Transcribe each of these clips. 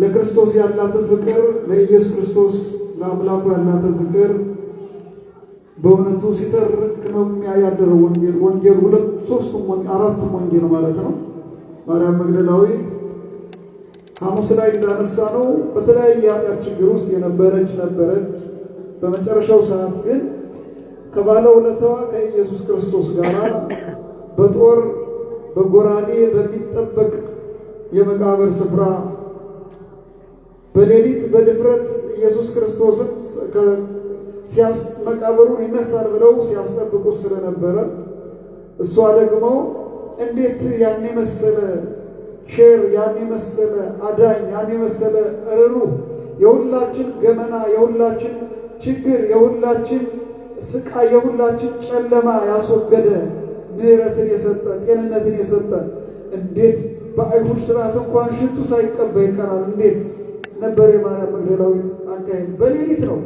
ለክርስቶስ ያላትን ፍቅር ለኢየሱስ ክርስቶስ ለአምላኩ ያላትን ፍቅር በእውነቱ ሲተርክ ነው ያደረው ወንጌል ወንጌል ሁለት ሶስቱም አራቱም ወንጌል ማለት ነው። ማርያም መግደላዊት ሐሙስ ላይ እንዳነሳ ነው በተለያየ ኃጢአት ችግር ውስጥ የነበረች ነበረች። በመጨረሻው ሰዓት ግን ከባለ ውለታዋ ከኢየሱስ ክርስቶስ ጋር በጦር በጎራዴ በሚጠበቅ የመቃብር ስፍራ በሌሊት በድፍረት ኢየሱስ ክርስቶስን መቃብሩን ይነሳል ብለው ሲያስጠብቁት ስለነበረ እሷ ደግሞ እንዴት ያን የመሰለ ሼር ያን የመሰለ አዳኝ ያን የመሰለ ርኅሩህ የሁላችን ገመና የሁላችን ችግር የሁላችን ስቃይ የሁላችን ጨለማ ያስወገደ ምሕረትን የሰጠ ጤንነትን የሰጠ እንዴት በአይሁድ ስርዓት እንኳን ሽቱ ሳይቀባ ይቀራል እንዴት ነበር የማርያም መግደላዊት አካሄድ። በሌሊት ነው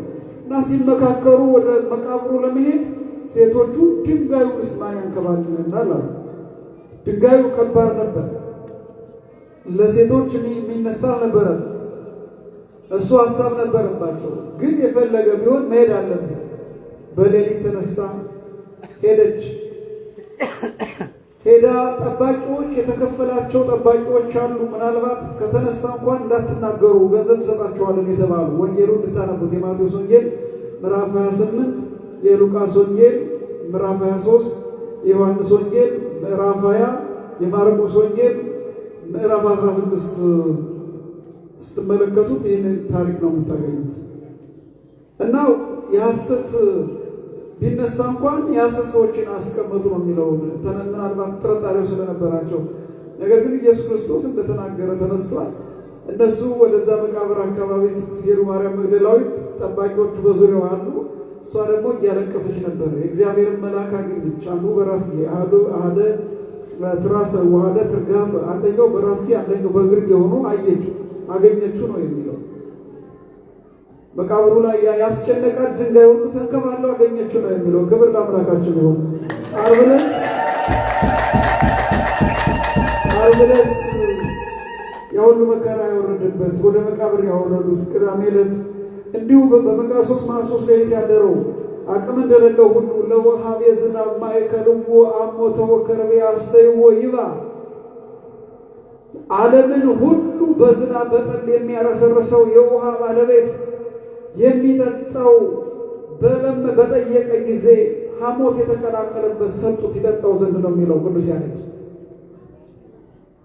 እና ሲመካከሩ ወደ መቃብሩ ለመሄድ ሴቶቹ ድንጋዩ እስማን ያንከባልለናል አሉ። ድንጋዩ ከባድ ነበር፣ ለሴቶች የሚነሳ ነበረ። እሱ ሀሳብ ነበረባቸው፣ ግን የፈለገ ቢሆን መሄድ አለብን። በሌሊት ተነሳ ሄደች። ሄዳ ጠባቂዎች የተከፈላቸው ጠባቂዎች አሉ። ምናልባት ከተነሳ እንኳን እንዳትናገሩ ገንዘብ ሰጣችኋለን የተባሉ ወንጌሉ እንድታነቡት የማቴዎስ ወንጌል ምዕራፍ 28፣ የሉቃስ ወንጌል ምዕራፍ 23፣ የዮሐንስ ወንጌል ምዕራፍ 20፣ የማርቆስ ወንጌል ምዕራፍ 16 ስትመለከቱት ይህንን ታሪክ ነው የምታገኙት እና የሐሰት ቢነሳ እንኳን የሐሰት ሰዎችን አስቀምጡ ነው የሚለው። ምናልባት ጥርጣሬው ስለነበራቸው፣ ነገር ግን ኢየሱስ ክርስቶስ እንደተናገረ ተነስቷል። እነሱ ወደዛ መቃብር አካባቢ ስትሄዱ ማርያም መግደላዊት ጠባቂዎቹ በዙሪያው አሉ። እሷ ደግሞ እያለቀሰች ነበር። የእግዚአብሔርን መልአክ አገኘች። አንዱ በራስጌ አለ ትራሰ ዋለ ትርጋሰ፣ አንደኛው በራስጌ አንደኛው በእግርጌ የሆኑ አየች አገኘችው ነው የሚለው መቃብሩ ላይ ያስጨነቃት ድንጋይ ሁሉ ተንከባሎ አገኘችው ነው የሚለው። ክብር ለአምላካችን ይሁን። ዓርብ ዕለት ዓርብ ዕለት የሁሉ መከራ ያወረደበት ወደ መቃብር ያወረዱት፣ ቅዳሜ ዕለት እንዲሁ በመቃብር ሶስት ማለት ሶስት ሌሊት ያደረው አቅም እንደሌለው ሁሉ ለወሃብ የዝናብ ማይከልዎ አሞ ተወከረቤ አስተይዎ ይባ ዓለምን ሁሉ በዝናብ በጠል የሚያረሰርሰው የውሃ ባለቤት የሚጠጣው በለም በጠየቀ ጊዜ ሐሞት የተቀላቀለበት ሰጡት ይጠጣው ዘንድ ነው የሚለው ቅዱስ ያሬድ።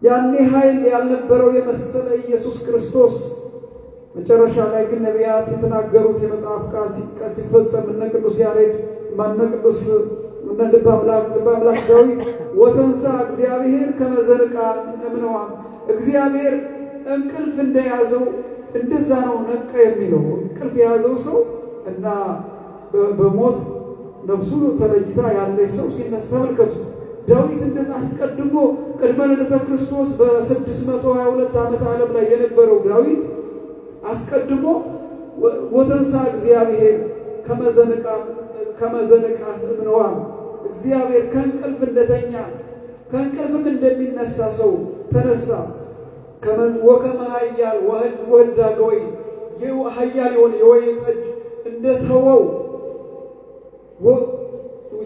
ያኔ ኃይል ያልነበረው የመሰለ ኢየሱስ ክርስቶስ መጨረሻ ላይ ግን ነቢያት የተናገሩት የመጽሐፍ ቃል ሲፈጸም እነ ቅዱስ ያሬድ ማነ ቅዱስ እነ ልበ አምላክ ዳዊት ወተንሳ እግዚአብሔር ከመዘንቃ እምነዋም እግዚአብሔር እንቅልፍ እንደያዘው እንደዛ ነው ነቃ የሚለው እንቅልፍ የያዘው ሰው እና በሞት ነፍሱ ተለይታ ያለች ሰው ሲነስ ተመልከቱት። ዳዊት እንደት አስቀድሞ ቅድመ ልደተ ክርስቶስ በ622 ዓመት ዓለም ላይ የነበረው ዳዊት አስቀድሞ ወተንሳ እግዚአብሔር ከመዘንቃ እምነዋ እግዚአብሔር ከእንቅልፍ እንደተኛ ከእንቅልፍም እንደሚነሳ ሰው ተነሳ። ወከመ ኃያል ወዳገ ወይን ይህ ኃያል የሆነ የወይን ጠጅ እንደተወው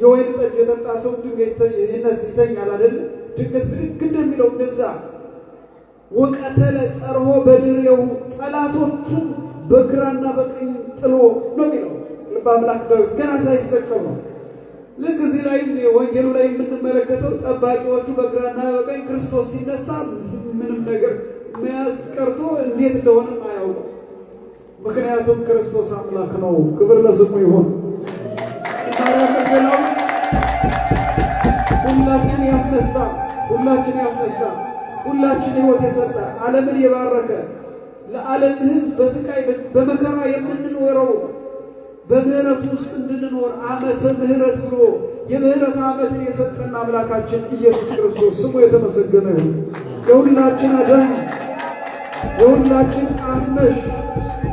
የወይን ጠጅ የጠጣ ሰው ድንገት ይነስ ይተኛል አይደል? ድንገት ብድግ እንደሚለው እንደዛ ወቀተለ ጸርሆ በድሬው ጠላቶቹን በግራና በቀኝ ጥሎ ነው የሚለው ልበ አምላክ ዳዊት ገና ሳይሰቀሙ ልክ እዚህ ላይ ወንጌሉ ላይ የምንመለከተው ጠባቂዎቹ በግራና በቀኝ ክርስቶስ ሲነሳ ምንም ነገር መያዝ ቀርቶ እንዴት እንደሆነም አያውቁም። ምክንያቱም ክርስቶስ አምላክ ነው። ክብር ለስሙ ይሆን። ላው ሁላችን ያስነሳ ሁላችን ያስነሳ ሁላችን ህይወት የሰጠ ዓለምን የባረከ ለዓለም ህዝብ በስቃይ በመከራ የምንኖረው በምህረቱ ውስጥ እንድንኖር ዓመተ ምህረት ብሎ የምህረት ዓመትን የሰጠን አምላካችን ኢየሱስ ክርስቶስ ስሙ የተመሰገነ የሁላችን አዳኝ፣ የሁላችን አስነሽ፣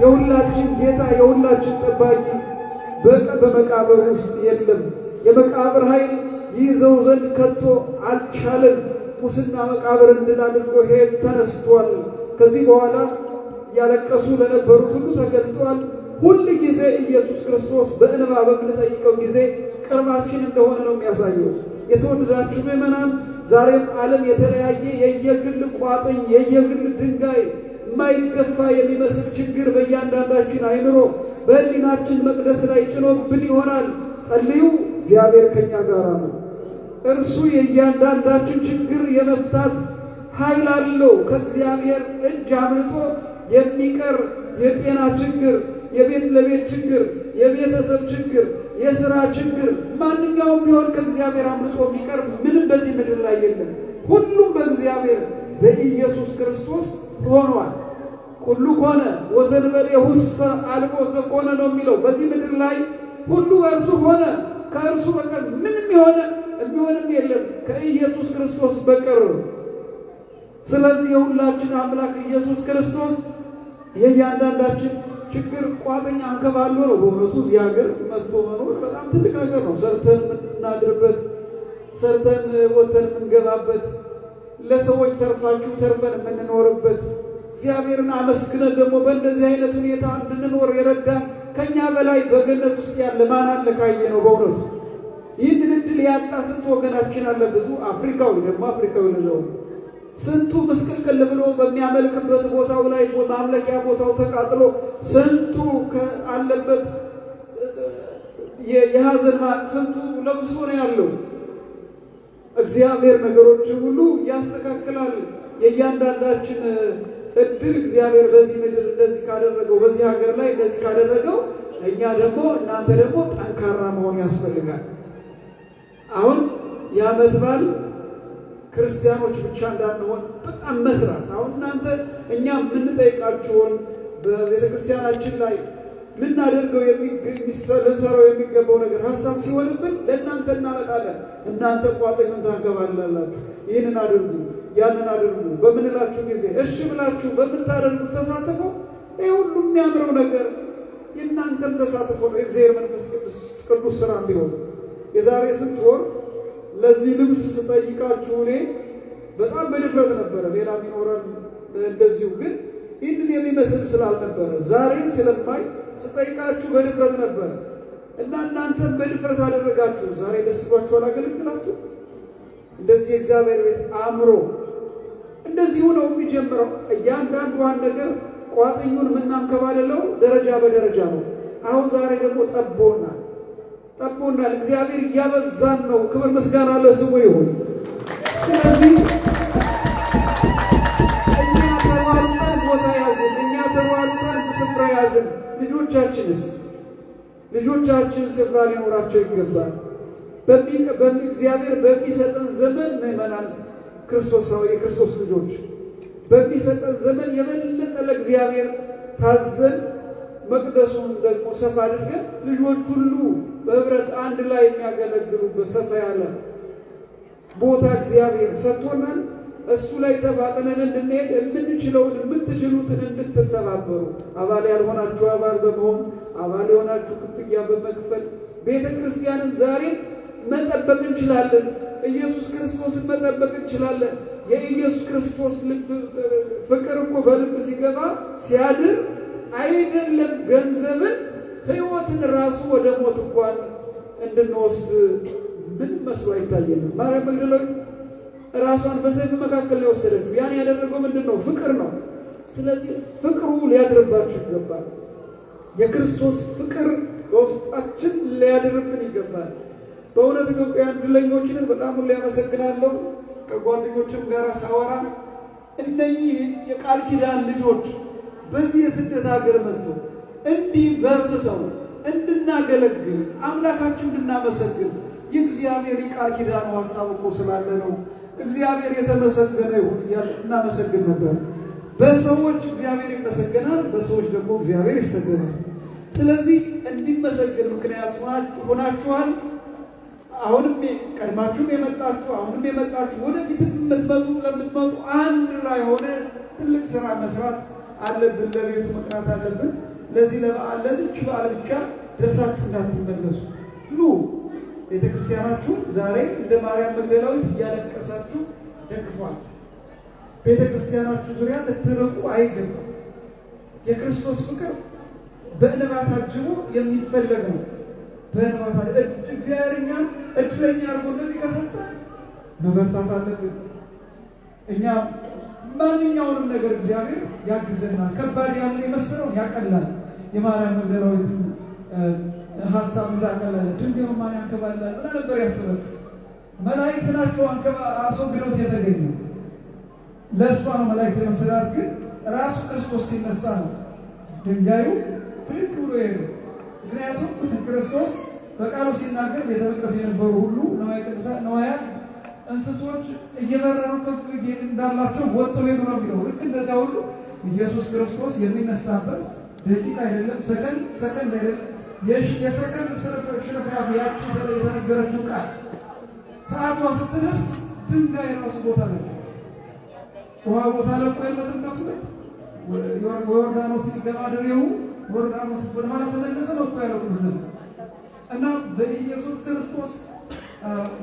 የሁላችን ጌታ፣ የሁላችን ጠባቂ በመቃብር ውስጥ የለም። የመቃብር ኃይል ይዘው ዘንድ ከቶ አልቻለም። ሙስና መቃብር እንድናድርጎ ሄድ ተነስቷል። ከዚህ በኋላ እያለቀሱ ለነበሩት ሁሉ ተገልጧል። ሁል ጊዜ ኢየሱስ ክርስቶስ በእንባ በምንጠይቀው ጊዜ ቅርባችን እንደሆነ ነው የሚያሳየው። የተወደዳችሁ ምዕመናን፣ ዛሬም ዓለም የተለያየ የየግል ቋጥኝ፣ የየግል ድንጋይ፣ የማይገፋ የሚመስል ችግር በእያንዳንዳችን አይምሮ በህሊናችን መቅደስ ላይ ጭኖብን ይሆናል። ጸልዩ፣ እግዚአብሔር ከኛ ጋር ነው። እርሱ የእያንዳንዳችን ችግር የመፍታት ኃይል አለው። ከእግዚአብሔር እጅ አምልጦ የሚቀር የጤና ችግር የቤት ለቤት ችግር፣ የቤተሰብ ችግር፣ የስራ ችግር ማንኛውም ቢሆን ከእግዚአብሔር አምልጦ የሚቀርብ ምንም በዚህ ምድር ላይ የለም። ሁሉም በእግዚአብሔር በኢየሱስ ክርስቶስ ሆኗል። ሁሉ ኮነ ወዘንበሌ ሁሰ አልቆ ዘኮነ ነው የሚለው። በዚህ ምድር ላይ ሁሉ እርሱ ሆነ፣ ከእርሱ በቀር ምንም የሆነ የሚሆንም የለም ከኢየሱስ ክርስቶስ በቀር። ስለዚህ የሁላችን አምላክ ኢየሱስ ክርስቶስ የእያንዳንዳችን ችግር ቋጠኛ አንከባሎ ነው። በእውነቱ እዚህ ሀገር መጥቶ መኖር በጣም ትልቅ ነገር ነው። ሰርተን የምናድርበት፣ ሰርተን ወተን የምንገባበት፣ ለሰዎች ተርፋችሁ ተርፈን የምንኖርበት፣ እግዚአብሔርን አመስግነን ደግሞ በእንደዚህ አይነት ሁኔታ እንድንኖር የረዳን ከእኛ በላይ በገነት ውስጥ ያለ ማን አለ ካየ ነው በእውነቱ ይህንን እድል ያጣ ስንት ወገናችን አለ። ብዙ አፍሪካዊ ደግሞ አፍሪካዊ ነው ስንቱ ምስቅልቅል ብሎ በሚያመልክበት ቦታው ላይ ማምለኪያ ቦታው ተቃጥሎ ስንቱ አለበት የሀዘን ስንቱ ለብሶ ነው ያለው። እግዚአብሔር ነገሮች ሁሉ ያስተካክላል። የእያንዳንዳችን እድል እግዚአብሔር በዚህ ምድር እንደዚህ ካደረገው በዚህ ሀገር ላይ እንደዚህ ካደረገው እኛ ደግሞ እናንተ ደግሞ ጠንካራ መሆን ያስፈልጋል። አሁን የዓመት በዓል ክርስቲያኖች ብቻ እንዳንሆን በጣም መስራት። አሁን እናንተ እኛ የምንጠይቃችሁን በቤተክርስቲያናችን ላይ ልናደርገው ልንሰራው የሚገባው ነገር ሀሳብ ሲሆንብን ለእናንተ እናመጣለን። እናንተ ቋጠኙን ታንከባልላላችሁ። ይህንን አድርጉ፣ ያንን አድርጉ በምንላችሁ ጊዜ እሺ ብላችሁ በምታደርጉት ተሳትፎ ይህ ሁሉ የሚያምረው ነገር የእናንተም ተሳትፎ ነው። የእግዚአብሔር መንፈስ ቅዱስ ስራ ቢሆን የዛሬ ስንት ወር ለዚህ ልብስ ስጠይቃችሁ እኔ በጣም በድፍረት ነበረ። ሌላ ቢኖረን እንደዚሁ ግን ይህንን የሚመስል ስላልነበረ ዛሬን ስለማይ ስጠይቃችሁ በድፍረት ነበረ እና እናንተም በድፍረት አደረጋችሁ። ዛሬ ደስ ብሏችኋል። አገልግላችሁ እንደዚህ የእግዚአብሔር ቤት አእምሮ እንደዚሁ ነው የሚጀምረው። እያንዳንዷን ነገር ቋጥኙን የምናንከባልለው ደረጃ በደረጃ ነው። አሁን ዛሬ ደግሞ ጠቦና። ጠቅሞናል። እግዚአብሔር እያበዛን ነው። ክብር ምስጋና ለስሙ ይሁን። ስለዚህ እኛ ተሯሩጠን ቦታ ያዝን፣ እኛ ተሯሩጠን ስፍራ ያዝን። ልጆቻችንስ ልጆቻችን ስፍራ ሊኖራቸው ይገባል። እግዚአብሔር በሚሰጠን ዘመን ክርስቶስ ክርስቶሳዊ የክርስቶስ ልጆች በሚሰጠን ዘመን የበለጠ ለእግዚአብሔር ታዘን መቅደሱን ደግሞ ሰፋ አድርገን ልጆች ሁሉ በህብረት አንድ ላይ የሚያገለግሉበት ሰፋ ያለ ቦታ እግዚአብሔር ሰጥቶናል። እሱ ላይ ተፋጥነን እንድንሄድ የምንችለውን የምትችሉትን እንድትተባበሩ አባል ያልሆናችሁ አባል በመሆን አባል የሆናችሁ ክፍያ በመክፈል ቤተ ክርስቲያንን ዛሬ መጠበቅ እንችላለን። ኢየሱስ ክርስቶስን መጠበቅ እንችላለን። የኢየሱስ ክርስቶስ ልብ ፍቅር እኮ በልብ ሲገባ ሲያድር አይደለም ገንዘብን ህይወትን ራሱ ወደ ሞት እንኳን እንድንወስድ ምን መስሎ አይታየንም። ማርያም መግደላዊት ራሷን በሰይፍ መካከል ነው የወሰደችው። ያን ያደረገው ምንድን ነው? ፍቅር ነው። ስለዚህ ፍቅሩ ሊያድርባችሁ ይገባል። የክርስቶስ ፍቅር በውስጣችን ሊያድርብን ይገባል። በእውነት ኢትዮጵያውያን ድለኞችንን በጣም ሁሉ ያመሰግናለሁ። ከጓደኞችም ጋር ሳወራ እነኚህ የቃል ኪዳን ልጆች በዚህ የስደት ሀገር መጥቶ እንዲህ በርትተው እንድናገለግል አምላካችን እንድናመሰግን የእግዚአብሔር ቃል ኪዳኑ ሀሳብ እኮ ስላለ ነው። እግዚአብሔር የተመሰገነ ይሁን እያል እናመሰግን ነበር። በሰዎች እግዚአብሔር ይመሰገናል፣ በሰዎች ደግሞ እግዚአብሔር ይሰገናል። ስለዚህ እንዲመሰገን ምክንያት ሆናችኋል። አሁንም ቀድማችሁም የመጣችሁ አሁንም የመጣችሁ ወደፊት የምትመጡ ለምትመጡ አንድ ላይ ሆነ ትልቅ ስራ መስራት አለብን፣ ለቤቱ መቅናት አለብን። ለዚህ ለበዓል ለዚች በዓል ብቻ ደርሳችሁ እንዳትመለሱ ኑ ቤተክርስቲያናችሁ ዛሬ እንደ ማርያም መግደላዊት እያለቀሳችሁ ደግፏት። ቤተክርስቲያናችሁ ዙሪያ ልትርቁ አይገባም። የክርስቶስ ፍቅር በእንባት አጅቦ የሚፈለግ ነው። በእንባት እግዚአብሔር እኛን እድለኛ አድርጎ እንደዚህ ከሰጠ መበርታት አለብን እኛ ማንኛውንም ነገር እግዚአብሔር ያግዘናል። ከባድ ያምን የመሰለው ያቀላል። የማርያም መግደላዊት ሀሳብ እንዳቀለ ድንጋዩን ማን ያንከባላል ብላ ነበር ያስበት። መላእክት ናቸው አስወግደውት የተገኙ ለእሷ ነው መላእክት የመሰላት ግን ራሱ ክርስቶስ ሲነሳ ነው ድንጋዩ ብድግ ብሎ ሄዱ። ምክንያቱም ክርስቶስ በቃሉ ሲናገር ቤተ መቅደስ የነበሩ ሁሉ ነዋያ ቅዱሳን ነዋያ እንስሶች እየበረሩ ከፍ እንዳላቸው ወጥተው ሄዱ ነው የሚለው። ልክ እንደዚያ ሁሉ ኢየሱስ ክርስቶስ የሚነሳበት ደቂቅ አይደለም፣ ሰከንድ ሰከንድ አይደለም። የሰከንድ ሽርፍራፊ ያቺ የተነገረችው ቃል ሰዓቷ ስትደርስ ድንጋይ ራሱ ቦታ ነው ውሃ ቦታ ለቆ የመጥምቀቱ ቤት ሲገባ ገባ ድሬው ወዮርዳኖስ ወደኋላ ተመለሰ ለቆ ያለው ቅዱስ እና በኢየሱስ ክርስቶስ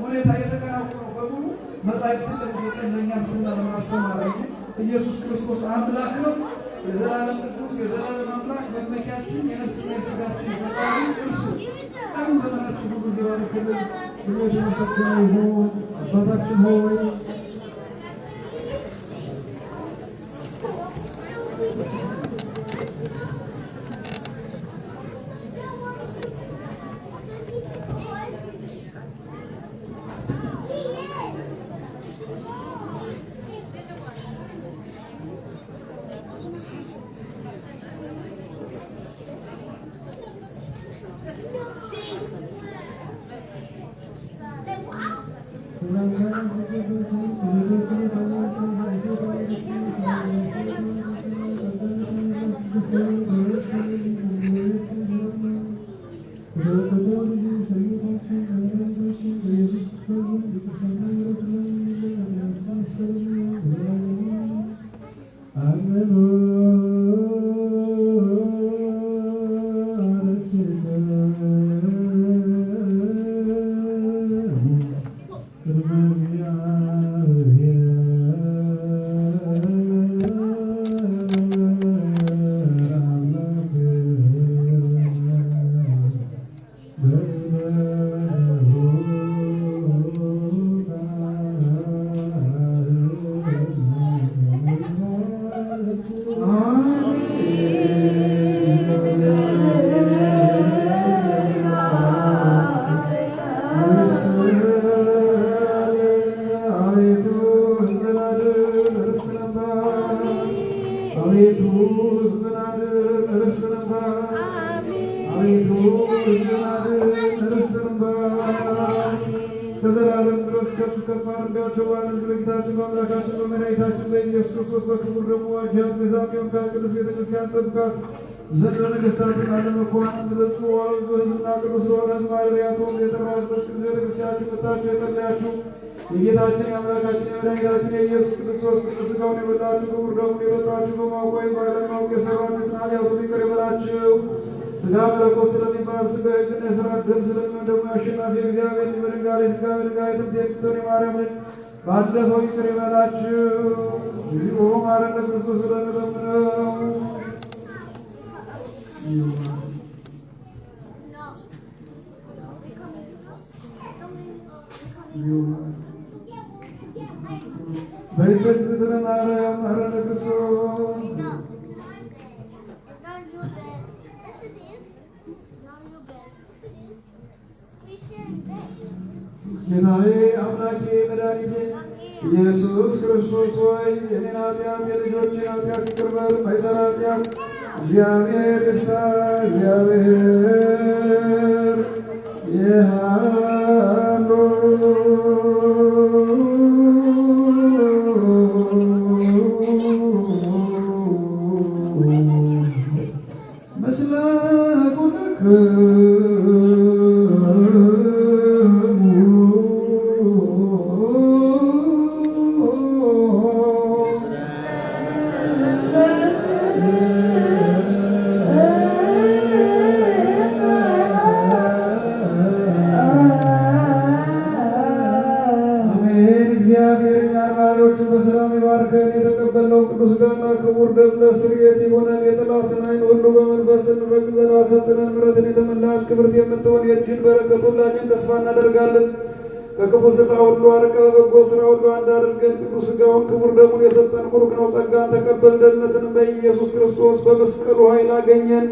ሁኔታ የተከናወነው በሙሉ መጻሕፍት መጻሕፍትን ለመጸለኛትና ለማስተማር እንጂ ኢየሱስ ክርስቶስ አምላክ ነው። የዘላለም ቅዱስ የዘላለም አምላክ መመኪያችን የነፍስና የሥጋችን ፈጣሪ እርሱ አሁን ዘመናችን ሁሉ እንዲባርክልን ብሎ የተመሰገነ ይሁን። አባታችን ሆይ አቤቱ እዝናልን ርስንባ አቤቱ ከዘላለም ድረስ ከፍ ከፍ አድርጋቸው ባለን በጌታችን በአምላካችን በመድኃኒታችን በኢየሱስ ክርስቶስ በክቡር ደግሞ ዋጃት ቤዛሜውን ቅድስት ቤተክርስቲያን ጠብቃት ዘንድ ነገሥታትን አለመኳን ብለጹ ዋሉ በህዝብና ቅዱስ ሆነ ማድሪያቶም የተራዘች ጊዜ ቤተክርስቲያችን መጣችሁ የጸለያችሁ የጌታችን የአምላካችን የመድኃኒታችን የኢየሱስ ክርስቶስ ስጋውን የበላችሁ ክቡር ደሙን የጠጣችሁ በማወቅ ወይም ባለማወቅ ኃጢአት ሁሉ ይቅር ይበላችሁ። መለኮት ስለሚባል ሥጋ ግን የሥራ ደም ስለሚሆን ደግሞ አሸናፊ እግዚአብሔር በድንጋሌ የማርያምን ባለፈው ይቅር ይበላችሁ። እግዚኦ ማረነ ክርስቶስ በእጨት ዝትነ ማርያም ምህረነ ክርስቶስ ጌታዬ አምላኬ መድኃኒቴ ኢየሱስ ክርስቶስ ወይ የኔን ኃጢአት የልጆችን ኃጢአት ይቅር በል ማይሰራ ኃጢአት እግዚአብሔር ይፍታ። እግዚአብሔር ይሃ Thank you. ቅዱስ ደምና ክቡር ደም ለስርየት የሆነን የጠላትን አይን ሁሉ በመንፈስ እንድረግ ሰጥነን ምረትን የተመላሽ ክብርት የምትሆን የእጅን በረከት ሁላችን ተስፋ እናደርጋለን። ከክፉ ስራ ሁሉ አርቀ በበጎ ስራ ሁሉ አንዳድርገን። አድርገን ቅዱስ ክቡር ደሙን የሰጠን ቡሩክ ነው። ጸጋን ተቀበል ደህንነትን በኢየሱስ ክርስቶስ በመስቀሉ ኃይል አገኘን።